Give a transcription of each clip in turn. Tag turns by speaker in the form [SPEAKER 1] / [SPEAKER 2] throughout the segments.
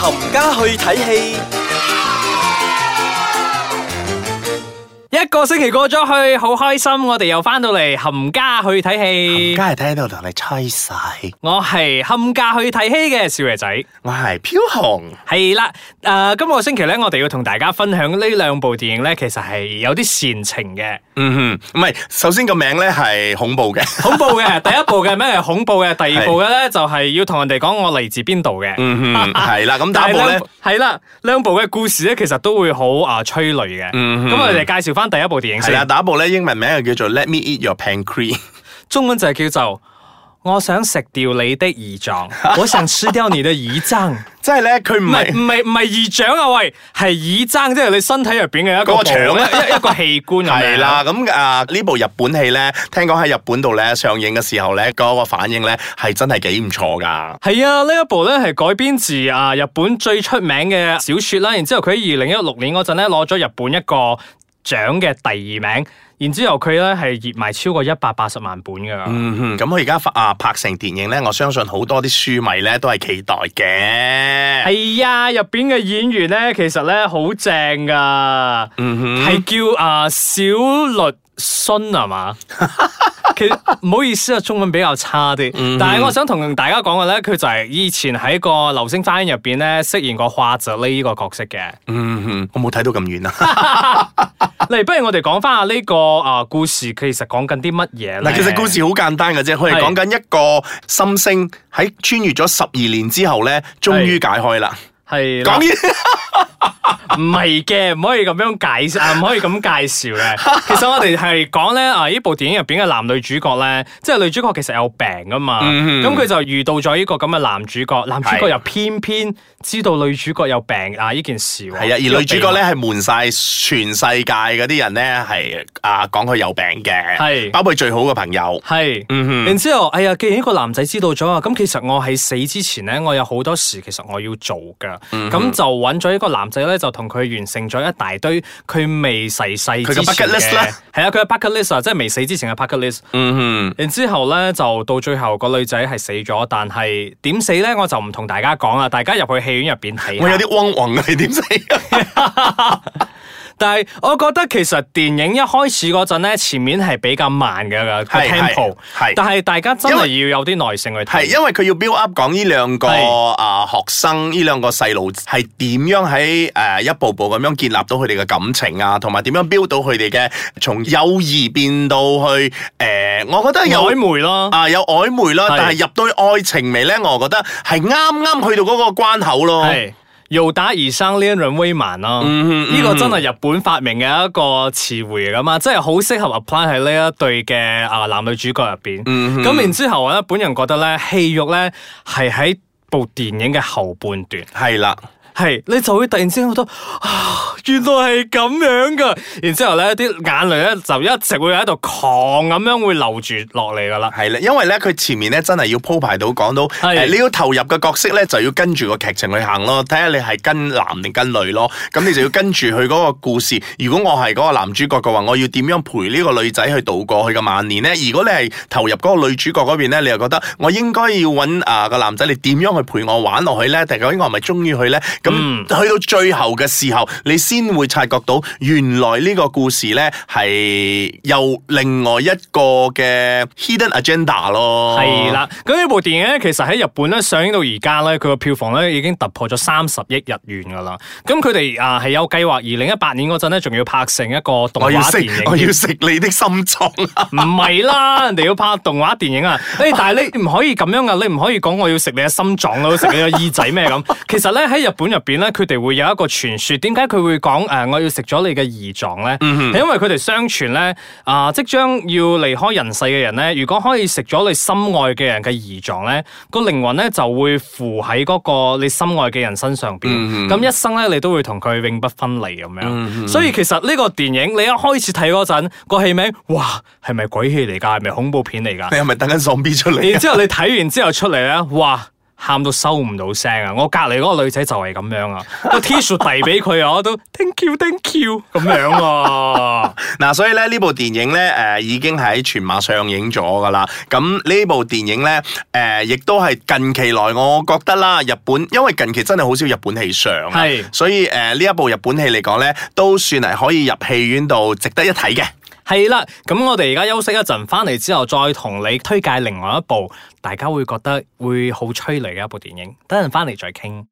[SPEAKER 1] 冚家去睇戲。一個星期過咗去，好開心！我哋又翻到嚟冚家去睇戲。梗係睇到同你凄晒。我係冚家去睇戲嘅少爺仔。我係飄紅。係啦，誒、呃，今個星期咧，我哋要同大家分享呢兩部電影咧，其實係有啲煽情嘅。嗯哼，唔係，首先個名咧係恐怖嘅，恐怖嘅第一部嘅咩係恐怖嘅， 第二部嘅咧就係、是、要同人哋講我嚟自邊度嘅。嗯哼，係啦、啊，咁第一部咧係啦，兩部嘅故事咧其實都會好啊催淚嘅。嗯哼，咁我哋介紹翻第一部電影係啦，第一部咧英文名又叫做 Let Me Eat Your Pancreas 中文就係叫做我想食掉你的胰臟。我想吃掉你的胰臟，即係咧佢唔係唔係唔係胰臟啊喂，係胰臟，即係你身體入邊嘅一個腸個 一一,一
[SPEAKER 2] 個器官。係啦、 啊，咁啊呢部日本戲咧，聽講喺日本度咧上映嘅時候咧，嗰個反應咧係真係幾唔錯噶。
[SPEAKER 1] 係啊，呢一部咧係改編自啊日本最出名嘅小說啦，然之後佢喺二零一六年嗰陣咧攞咗日本一個。獎嘅第二名，然之後佢咧係熱賣超過一百八十萬本噶。嗯哼，
[SPEAKER 2] 咁佢而家發啊拍成電影咧，我相信好多啲書迷咧都係期待嘅。
[SPEAKER 1] 係、哎、呀，入邊嘅演員咧，其實咧好正噶。嗯哼，係叫啊小栗旬係嘛？ 其實唔好意思啊，中文比較差啲，嗯、哼但係我想同大家講嘅呢，佢就係以前喺個流星花園入邊呢，飾演個花澤呢個角色嘅。嗯
[SPEAKER 2] 哼，我冇睇到咁遠啊。
[SPEAKER 1] 嚟，。 不如我哋講翻下呢、這個啊、呃、故事，其實講緊啲乜嘢咧？其實故事好
[SPEAKER 2] 簡單嘅啫，佢哋講緊一個心聲喺穿越咗十二年之後呢，終
[SPEAKER 1] 於解開啦。係，終唔係嘅，唔可以咁樣介紹啊！唔可以咁介紹嘅。其實我哋係講咧啊，呢部電影入邊嘅男女主角咧，即係女主角其實有病啊嘛。咁佢，嗯哼，就遇到咗呢個咁嘅男主角，男主角又偏偏知道女主角有病啊呢件事。係啊，的而女主角咧
[SPEAKER 2] 係瞞晒全世界嗰啲人咧，係啊講佢有病嘅。係是包括最好嘅朋友。
[SPEAKER 1] 係是，嗯然之後，then, 哎呀，既然呢個男仔知道咗，啊，咁其實我喺死之前咧，我有好多事其實我要做噶。咁，嗯哼，就揾咗一個男仔咧，就同。佢完成咗一大堆佢未逝世之前嘅，係啊，佢嘅 bucket list 啊，即係未死之前嘅 bucket list。嗯哼，然之後咧就到最後個女仔係死咗，但係點死咧，我就唔同大家講啦，大家入去戲院入邊睇。我有啲
[SPEAKER 2] 汪汪，你點死啊？
[SPEAKER 1] 但係，我覺得其實電影一開始嗰陣咧，前面係比較慢嘅個 tempo，係。但係大家真係為要有啲耐性去睇是，因
[SPEAKER 2] 為佢要 build up 講呢兩個啊是、呃、學生，呢兩個細路係點樣喺誒、呃、一步步咁樣建立到佢哋嘅感情啊，同埋點樣 build 到佢哋嘅從友誼變到去誒、呃，我覺得有曖昧咯啊、呃，有曖昧咯，是但係入到愛情未咧，我覺得係啱啱去到嗰個關口咯是。
[SPEAKER 1] 由打而生呢一 o 威 a r 咯，呢、嗯嗯、個真係日本發明嘅一個詞彙嚟噶嘛，即係好適合 apply 喺呢一對嘅啊男女主角入邊。咁、嗯、哼然後之後咧，本人覺得咧，戲玉咧係喺部電影嘅後半段係啦。嗯哼係，你就會突然之間覺得啊，原來係咁樣噶，然之後咧啲眼淚咧就一直會喺度狂咁樣會流住落嚟噶啦。
[SPEAKER 2] 係咧，因為咧佢前面咧真係要鋪排到講到的、呃，你要投入嘅角色咧就要跟住個劇情去行咯，睇下你係跟男定跟女咯，咁你就要跟住佢嗰個故事。 如果我係嗰個男主角嘅話，我要點樣陪呢個女仔去度過去嘅晚年咧？如果你係投入嗰個女主角嗰邊咧，你又覺得我應該要揾啊個男仔，你點樣去陪我玩落去咧？定係我應我係咪中意佢咧？咁去，嗯、到最後嘅時候，你先會察覺到原來呢個故事咧係有另外一個嘅 hidden
[SPEAKER 1] agenda 咯。係啦，咁呢部電影咧，其實喺日本咧上映到而家咧，佢個票房咧已經突破咗三十億日元噶啦。咁佢哋啊係有計劃，二零一八年嗰陣咧仲要拍成一個動畫電影我。我要食，我要食你的心臟，唔、啊、係 啦，人哋要拍動畫電影啊！誒， 但係你唔可以咁樣噶，啊，你唔可以講我要食你嘅心臟啦，啊，食你嘅耳仔咩咁。 其實咧喺日本入邊咧，佢哋會有一個傳說，點解佢會講誒、呃，我要食咗你嘅胰臟咧？係、嗯、哼因為佢哋相傳咧，啊、呃，即將要離開人世嘅人咧，如果可以食咗你心愛嘅人嘅胰臟咧，個靈魂咧就會附喺嗰個你心愛嘅人身上邊，咁、嗯、哼一生咧你都會同佢永不分離咁樣。嗯、哼所以其實呢個電影你一開始睇嗰陣個戲名，哇，係咪鬼戲嚟噶？係咪恐怖片嚟噶？你係
[SPEAKER 2] 咪等緊喪屍出嚟？然之後你
[SPEAKER 1] 睇完之後出嚟咧，哇！ 喊到收唔到聲啊！我隔籬嗰個女仔就係咁樣啊，個 T 恤遞俾佢啊，我都 Thank you Thank you 咁樣
[SPEAKER 2] 啊！嗱、 啊，所以咧呢部電影咧，誒、呃、已經喺全馬上映咗噶啦。咁呢部電影咧，誒、呃、亦都係近期來我覺得啦，日本因為近期真係好少日本戲上啊，是所以誒呢一部日本戲嚟講咧，都算係可以入戲院度值得一睇嘅。
[SPEAKER 1] 係啦，咁我哋而家休息一陣，翻嚟之後再同你推介另外一部大家會覺得會好催淚嘅一部電影。等陣翻嚟再傾，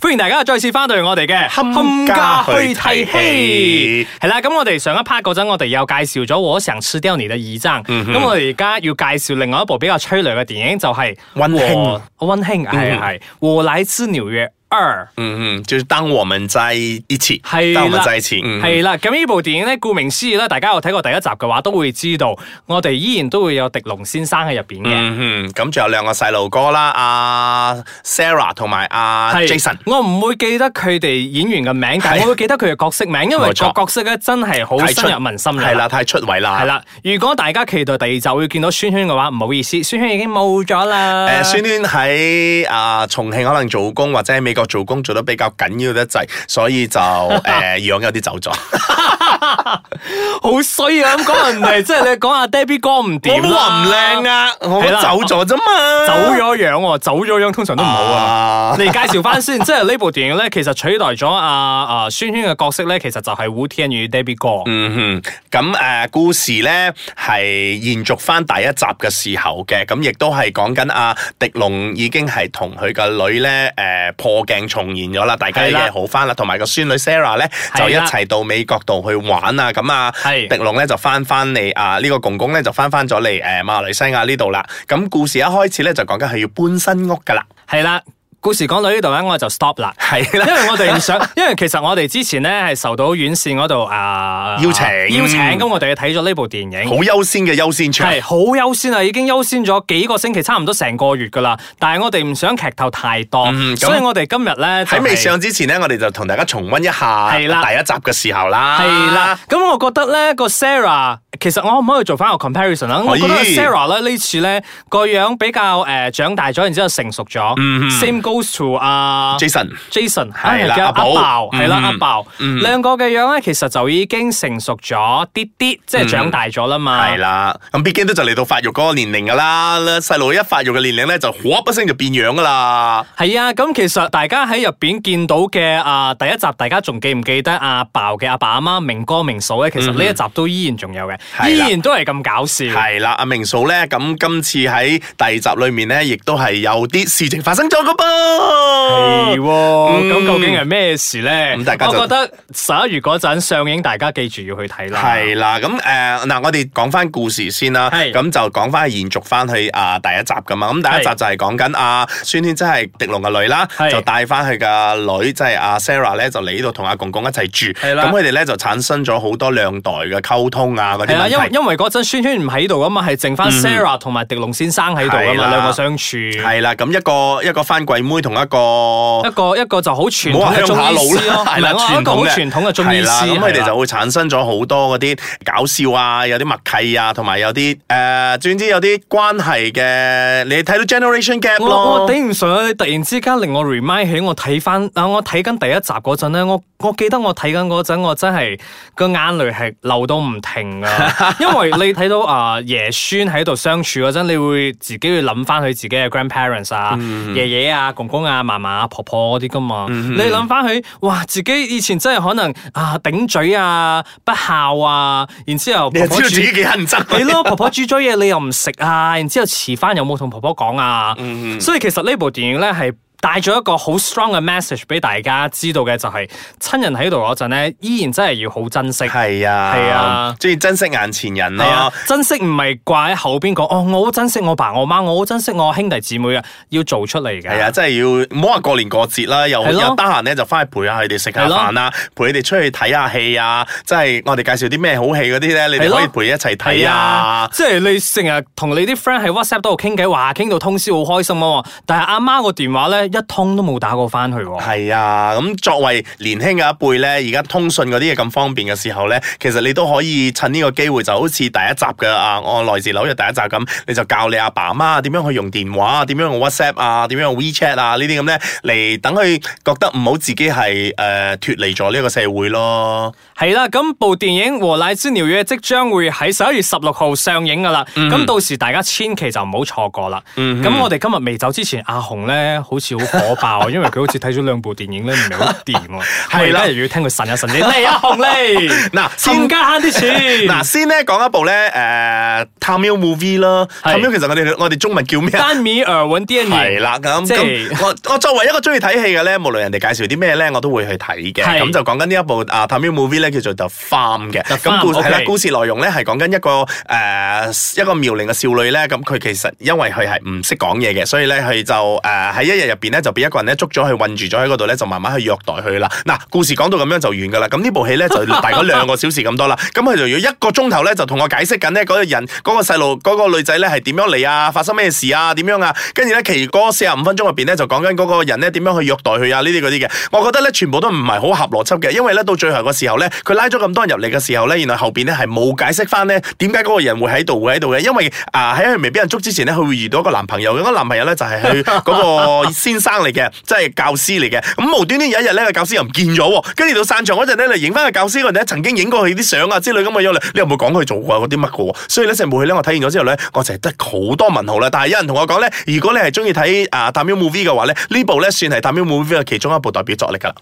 [SPEAKER 1] 歡迎大家再次翻到嚟我哋嘅《冚家去睇戲》。係啦，咁我哋上一 part 嗰陣，我哋又介紹咗《我想吃掉你嘅胰臟》。咁我哋而家要介紹另外一部比較催淚嘅電影，就係，就係《溫馨》《溫馨》係係《嗯、我來自紐約》。二， 嗯嗯，就是當我們在一起，係啦，我們在一起，係啦。咁呢、嗯、部電影咧，顧名思義咧，大家有睇過第一集嘅話，都會知道我哋依然都會有狄龍先生喺入邊
[SPEAKER 2] 嘅。嗯咁仲有兩個細路哥啦，阿、啊、Sarah 同埋阿 Jason。
[SPEAKER 1] 我唔會記得佢哋演員嘅名，啊、但係我會記得佢嘅角色名，因為個角色咧真係好深入民心，係啦，太出位啦，係啦。如果大家期待第二集會見到宣萱嘅話，唔好意思，宣萱已經冇咗啦。誒、呃，宣萱喺啊重慶可能做工，或者喺
[SPEAKER 2] 美。個做工做得比較緊要得滯，所以就誒樣有啲走咗，
[SPEAKER 1] 好衰啊！咁講唔係，即、就、係、是、你講阿、啊、Debbie 哥唔掂、啊 啊，我唔靚啊，係 走咗啫嘛，走咗樣，走咗樣通常都唔好啊。 你介紹翻先，即係呢部電影咧，其實取代咗阿阿萱萱嘅角色咧，其實就係 Wu Tianyu 嘅 Debbie 哥。嗯哼，咁誒、呃、故事咧係延續翻第一集嘅時
[SPEAKER 2] 候嘅，咁亦都係講緊阿狄龍已經係同佢個女咧誒、呃、破。鏡重現咗啦，大家已經好翻啦，同埋個孫女 Sarah 咧就一齊到美國度去玩啊！咁的啊，迪龍咧就翻翻嚟啊，呢、呢個公公咧就翻翻咗嚟誒馬來西亞呢度
[SPEAKER 1] 啦。咁、啊、故事一開始咧就講緊係要搬新屋噶啦，係啦。故事講到呢度咧，我就 stop 啦，係啦，因為我哋唔想，因為其實我哋之前咧係受到院線嗰度啊邀請，邀請咁我哋去睇咗呢部電影，好優先嘅優先場，係好優先啊，已經優先咗幾個星期，差唔多成個月噶啦，但係我哋唔想劇透太多，所以我哋今日咧喺未上之
[SPEAKER 2] 前咧，我哋就同大家重温一下第一集嘅時候啦，係
[SPEAKER 1] 啦，咁我覺得咧個 Sarah，其實我可唔可以做翻個 comparison 啊？我覺得 Sarah 咧呢次咧個樣比較誒長大咗，然之後成熟咗，same。goes to 阿 Jason，Jason 係啦阿寶，係啦阿寶，兩個嘅樣咧，其實就已經成熟咗啲啲，即係長大咗啦嘛。係啦，咁畢竟都就嚟到發育嗰個年齡噶啦，
[SPEAKER 2] 細路一發育嘅年齡咧，就嘩一聲就變樣噶啦。
[SPEAKER 1] 係啊，咁其實大家喺入邊見到嘅啊，第一集大家仲記唔記得阿寶嘅阿爸阿媽明哥明嫂咧？其實呢一集都依然仲有嘅，依然都係咁搞笑。係啦，阿明嫂咧，咁今
[SPEAKER 2] 次喺第二集裏面咧，亦都係有啲事情發生咗噶噃。係喎，咁究竟係咩
[SPEAKER 1] 事咧？咁大家就覺得十一月嗰陣上映，大家記住要去睇啦。係
[SPEAKER 2] 啦，咁誒，嗱，我哋講翻故事先啦。係，咁就講翻延續翻去啊第一集噶嘛。咁第一集就係講緊阿宣萱即係狄龍嘅女啦，就帶翻去嘅女即係阿 Sarah 咧，就嚟呢度同阿公公一齊住。咁佢哋咧就產生咗好多
[SPEAKER 1] 兩代嘅溝通啊嗰啲問題。因為因為嗰陣宣萱唔喺度啊嘛，係剩翻 Sarah
[SPEAKER 2] 同埋狄龍先生喺度啊嘛，兩個相處。係啦，咁一個一個翻季。妹同一個一
[SPEAKER 1] 個一個就
[SPEAKER 2] 好傳統嘅意思咯，唔係我覺得好傳統嘅意思咁，佢哋就會產生咗好多嗰啲搞笑啊，有啲默契啊，同埋有啲誒、呃，總之有啲關係
[SPEAKER 1] 嘅。你睇到 generation gap 咯，我頂唔順啊！突然之間令我 remind 起我睇翻啊，我睇緊、呃、第一集嗰陣咧，我。我記得我睇緊嗰陣，我真係個眼淚係流到唔停啊！ 因為你睇到啊爺孫喺度相處嗰陣，你會自己會諗翻佢自己嘅 grandparents 啊、爺爺、嗯、哼啊、公公啊、嫲嫲、啊、婆婆嗰啲噶嘛。嗯、哼你諗翻佢，哇！自己以前真係可能啊頂嘴啊不孝啊，然之後婆婆自己幾乞人憎。你 咯婆婆煮咗嘢，你又唔食啊，然之後遲翻又冇同婆婆講啊。嗯、哼所以其實呢部電影咧係。帶咗一個好 strong 嘅 message 俾大家知道嘅就係親人喺度嗰陣咧依然真係要好珍惜係啊係啊，中意珍惜眼前人啊。珍惜唔係掛喺後邊講哦，我好珍惜我爸我媽，我好珍惜我兄弟姊妹啊，要做出嚟噶，
[SPEAKER 2] 係啊，真係要唔好話過年過節啦，又得閒咧就翻去陪下佢哋食下飯啦，啊、陪佢哋出去睇下戲啊，即係我哋介紹啲咩好戲嗰啲咧，你哋可以陪佢一齊睇啊，
[SPEAKER 1] 即係你成日同你啲 friend 喺 WhatsApp 度傾偈，話傾到通宵好開心啊，但係阿媽個電話咧。一通都冇打過翻去喎、哦。
[SPEAKER 2] 係啊，咁作為年輕嘅一輩呢，而家通訊嗰啲嘢咁方便嘅時候呢，其實你都可以趁呢個機會，就好似第一集嘅啊《我來自紐約》第一集咁，你就教你阿爸阿媽點樣去用電話，點樣用 WhatsApp 啊，點樣用 WeChat 啊呢啲咁呢。嚟等佢覺得唔好自己係誒脫離咗呢個社會咯。
[SPEAKER 1] 係啦、啊，咁部電影《我來自紐約2》即將會喺十一月十六號上映噶啦，咁、嗯、哼到時大家千祈就唔好錯過啦。咁、嗯、哼我哋今日未走之前，阿紅呢好似。好火爆，啊，因為佢好似睇咗兩部電影咧，唔係好掂喎。係啦，又要聽佢神啊神，你嚟啊紅利。嗱，先加慳啲錢。嗱，先
[SPEAKER 2] 咧講一部咧，誒《Tamil Movie》啦，《Tamil》其實我哋我哋中文叫咩？《淡
[SPEAKER 1] 米爾文電影》。係啦，咁咁，
[SPEAKER 2] 我我作為一個中意睇戲嘅咧，無論人哋介紹啲咩咧，我都會去睇嘅。咁就講緊呢一部啊《Tamil Movie》咧，叫做《The Farm》嘅。咁故係故事內容咧係講緊一個誒一個妙齡嘅少女咧。咁佢其實因為佢係唔識講嘢嘅，所以咧佢就誒喺一日入邊。就俾一個人咧捉咗去韞住咗喺嗰度咧，就慢慢去虐待佢啦。嗱，故事講到咁樣就完噶啦。咁呢部戲咧就大概兩個小時咁多啦。咁佢就要一個鐘頭咧，就同我解釋緊呢嗰個人、嗰個細路、嗰個女仔咧係點樣嚟啊？發生咩事啊？點樣啊？跟住咧，其餘嗰四十五分鐘入邊咧就講緊嗰個人咧點樣去虐待佢啊？呢啲嗰啲嘅，我覺得咧全部都唔係好合邏輯嘅，因為咧到最後嘅時候咧，佢拉咗咁多人入嚟嘅時候咧，原來後邊咧係冇解釋翻呢點解嗰個人會喺度會喺度嘅，因為啊喺佢未俾人捉之前咧，佢會遇到一個男朋友，嗰個男朋友咧就係佢嗰個先。生嚟嘅，即係教師嚟嘅。咁無端端有一日咧，個教師又唔見咗，跟住到散場嗰陣咧，嚟影翻個教師，我哋咧曾經影過佢啲相啊之類咁嘅樣咧。你又冇講佢做過嗰啲乜嘅？所以呢成部戲咧，我睇完咗之後咧，我淨係得好多問號啦。但係有人同我講咧，如果你係中意睇啊《探秘 MV》嘅話咧，呢部咧算係《探秘 MV》嘅其中
[SPEAKER 1] 一部代表作嚟噶。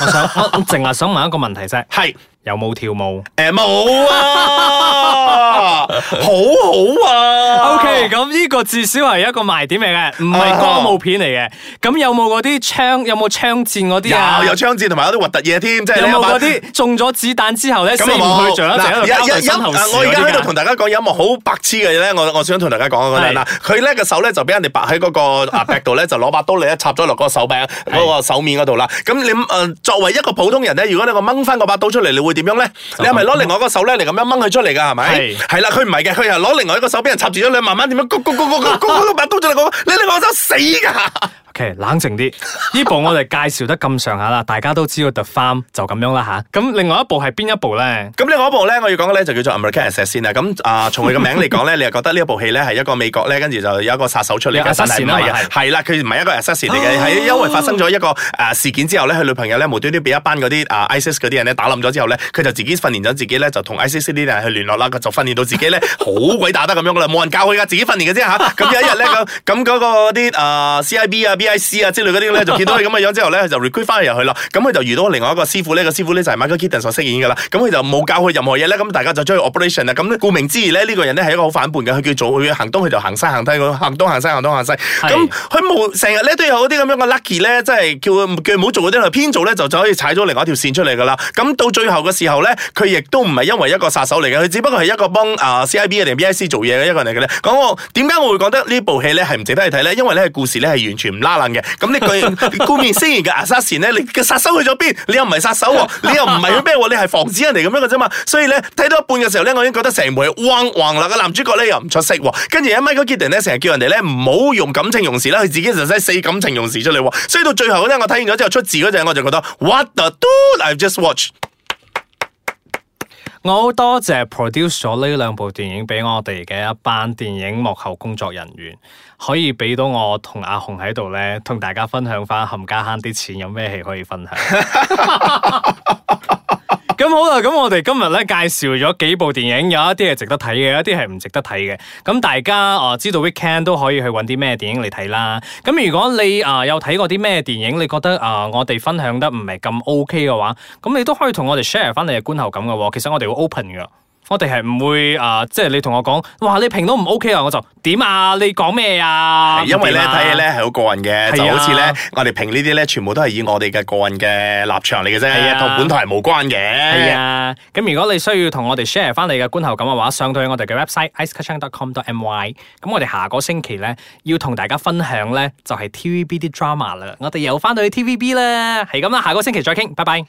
[SPEAKER 1] 我想我我淨係想問一個問題啫。係。 有冇跳舞？誒冇、欸、啊， 好好啊。O K，咁呢個至少係一個賣點嚟嘅，唔係歌舞片嚟嘅。咁、啊、有冇嗰啲槍？有冇槍戰嗰啲啊？有槍戰，同埋有啲核突嘢添。有冇嗰啲中咗子彈之後咧？咁啊冇。嗱，我而家喺度同
[SPEAKER 2] 大家講有一幕好白痴嘅嘢咧，我我想同大家講啊嗱，佢咧個手咧就俾人哋拔喺嗰個啊度咧，就攞把 刀嚟插咗落嗰個手柄、嗰是個手面嗰度啦。咁你誒、呃、作為一個普通人咧，如果你我掹翻個把刀出嚟，你會？點樣咧？你係咪攞另外個手咧嚟，咁樣掹佢出嚟噶？係咪？係啦，佢唔係嘅，佢又攞另外一個手俾人插住咗，你慢慢點樣？咕咕咕咕咕咕咕，把刀在你個，你你我都死噶。
[SPEAKER 1] OK，冷靜啲。呢部我哋介紹得咁上下啦，大家都知道 The Farm 就咁樣啦吓。咁另外一部係邊一部咧？
[SPEAKER 2] 咁另外一部咧，我要講嘅咧就叫做 American Assassin 啊。咁啊，從佢個名嚟講咧，你又覺得呢一部戲咧係一個美國咧，跟住就有一個殺手出嚟嘅。殺手係啊，係啦，佢唔係一個 assassin 嚟嘅，係因為發生咗一個誒事件之後咧，佢女朋友咧無端端俾一班嗰啲啊 ISIS 嗰啲人咧打冧咗之後咧。佢就自己訓練咗自己咧，就同 I C C 呢啲人去聯絡啦。佢就訓練到自己咧， 好鬼打得咁樣噶啦，冇人教佢噶，自己訓練嘅啫嚇。咁、啊、有 一日咧，咁咁嗰個啲啊、呃、C I B 啊 B I C 啊之類嗰啲咧，就見到佢咁嘅樣之後咧，就 recruit 翻佢入去啦。咁佢就遇到另外一個師傅，呢個師傅咧就係、是、Michael Keaton 所飾演噶啦。咁佢就冇教佢任何嘢咧。咁大家就將佢 operation 啊。咁顧名之義呢，呢、這個人咧係一個好反叛嘅。佢叫他做，佢行東佢就行西行梯，行東行西行東行西。咁佢冇成日咧都有嗰啲咁樣嘅 lucky 咧，即、就、係、是、叫叫佢唔好做嗰啲啦。偏做咧就就可以踩咗另外一條線出時候咧，佢亦都唔係因為一個殺手嚟嘅，佢只不過係一個幫啊 CIB 定 BIC 做嘢嘅一個人嚟嘅咧。講我點解我會覺得呢部戲咧係唔值得去睇咧？因為咧故事咧係完全唔拉冷嘅。咁呢句顧面星言嘅 Assassin 呢，你嘅殺手去咗邊？你又唔係殺手，啊，你又唔係咩？你係防止人嚟咁樣嘅啫嘛。所以咧睇到一半嘅時候咧，我已經覺得成部係崩橫啦。個男主角咧又唔出色，啊。跟住 Michael Keaton 成日叫人哋咧唔好用感情用事啦，佢自己就使死感情用事出嚟，啊。所以到最後咧，我睇完咗之後出字嗰陣，我就覺得 What the dude I've just watched？
[SPEAKER 1] 我好多謝 produce 咗呢兩部電影俾我哋嘅一班電影幕後工作人員，可以俾到我同阿紅喺度咧，同大家分享翻冚家慳啲錢有咩戲可以分享。 咁好啦，咁我哋今日咧介紹咗幾部電影，有一啲係值得睇嘅，有一啲係唔值得睇嘅。咁大家啊、呃，知道 weekend 都可以去揾啲咩電影嚟睇啦。咁如果你啊有睇過啲咩電影，你覺得啊、呃、我哋分享得唔係咁 OK 嘅話，咁你都可以同我哋 share 翻你嘅觀後感嘅。其實我哋會 open 嘅。我哋係唔會誒、呃，即係你同我講，哇，你評都唔 OK 啊！我就點啊？你講咩啊？因為咧，睇嘢咧係
[SPEAKER 2] 好個人嘅，啊、就好似咧，我哋評呢啲咧，全部都係以我哋嘅個人嘅立場嚟嘅啫，啊，同、啊、本台係無關嘅。係
[SPEAKER 1] 啊，咁、啊、如果你需要同我哋 share 翻你嘅觀後感嘅話，上到去我哋嘅 website icekacang.com.my。咁我哋下個星期咧要同大家分享咧，就係、是、TVB 啲 drama 啦。我哋又翻到去 TVB 啦，係咁啦，下個星期再傾，拜拜。